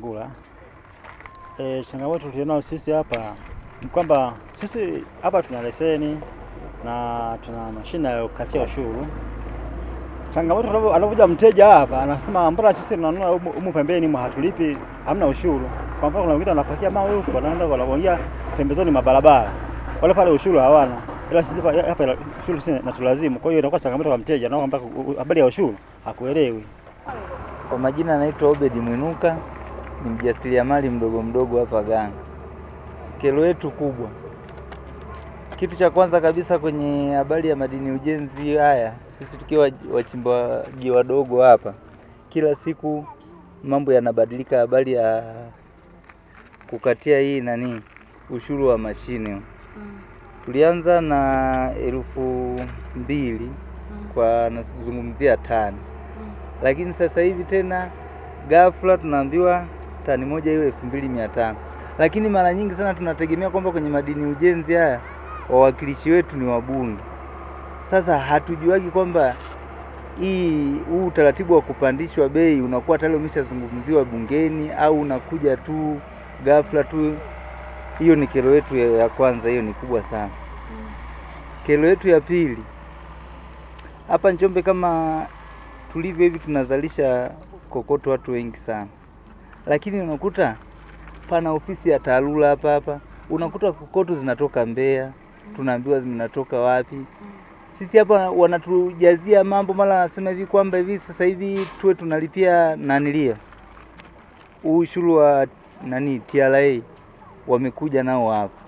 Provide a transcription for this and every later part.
Mangula. E, changamoto tulionao sisi hapa ni kwamba sisi hapa tuna leseni na tuna mashine ya kukatia ushuru. Changamoto anapokuja mteja hapa anasema mbona sisi tunanunua humu pembeni mwa hatulipi, hamna ushuru. Kwa mfano kuna wengine wanapakia mawe huko wanaenda wanaongea pembezoni mwa barabara, wale pale ushuru hawana, ila sisi hapa ushuru sisi natulazimu. Kwa hiyo inakuwa changamoto kwa mteja na kwamba habari ya ushuru hakuelewi. Kwa majina anaitwa Obedi Mwinuka ni mjasiriamali mdogo mdogo hapa Ganga. Kero yetu kubwa, kitu cha kwanza kabisa kwenye habari ya madini ujenzi haya, sisi tukiwa wachimbaji wadogo hapa, kila siku mambo yanabadilika, habari ya kukatia hii nani ushuru wa mashine mm. Tulianza na elfu mbili mm. kwa nazungumzia tani mm. Lakini sasa hivi tena ghafla tunaambiwa tani moja hiyo elfu mbili mia tano lakini mara nyingi sana tunategemea kwamba kwenye madini ujenzi haya wawakilishi wetu ni wabunge. Sasa hatujuagi kwamba hii huu utaratibu wa kupandishwa bei unakuwa tayari umeshazungumziwa bungeni au unakuja tu ghafla tu. Hiyo ni kero yetu ya kwanza, hiyo ni kubwa sana. Kero yetu ya pili, hapa Njombe kama tulivyo hivi tunazalisha kokoto watu wengi sana lakini unakuta pana ofisi ya TARURA hapa hapa, unakuta kokoto zinatoka Mbeya, tunaambiwa zinatoka wapi. Sisi hapa wanatujazia mambo, mara anasema hivi kwamba hivi sasa hivi tuwe tunalipia nanilia ushuru wa nani TRA, wamekuja nao hapa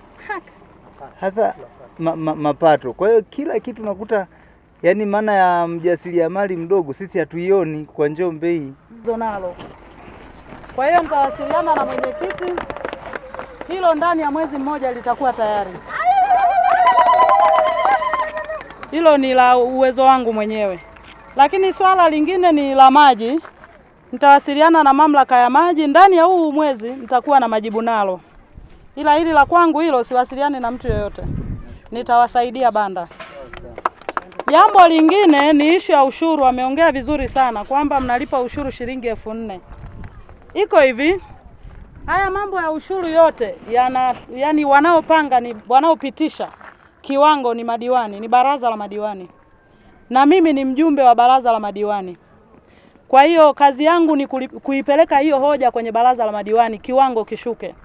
hasa ma, ma, mapato. Kwa hiyo kila kitu nakuta yani maana ya mjasiriamali mdogo sisi hatuioni kwa Njombe hii zonalo kwa hiyo mtawasiliana na mwenyekiti, hilo ndani ya mwezi mmoja litakuwa tayari. Hilo ni la uwezo wangu mwenyewe, lakini swala lingine ni la maji. Nitawasiliana na mamlaka ya maji, ndani ya huu mwezi nitakuwa na majibu nalo, ila hili la kwangu hilo siwasiliane na mtu yoyote, nitawasaidia banda. Jambo lingine ni ishu ya ushuru. Ameongea vizuri sana kwamba mnalipa ushuru shilingi elfu nne iko hivi, haya mambo ya ushuru yote yana, yani wanaopanga ni wanaopitisha kiwango ni madiwani, ni baraza la madiwani, na mimi ni mjumbe wa baraza la madiwani. Kwa hiyo kazi yangu ni kuipeleka hiyo hoja kwenye baraza la madiwani, kiwango kishuke.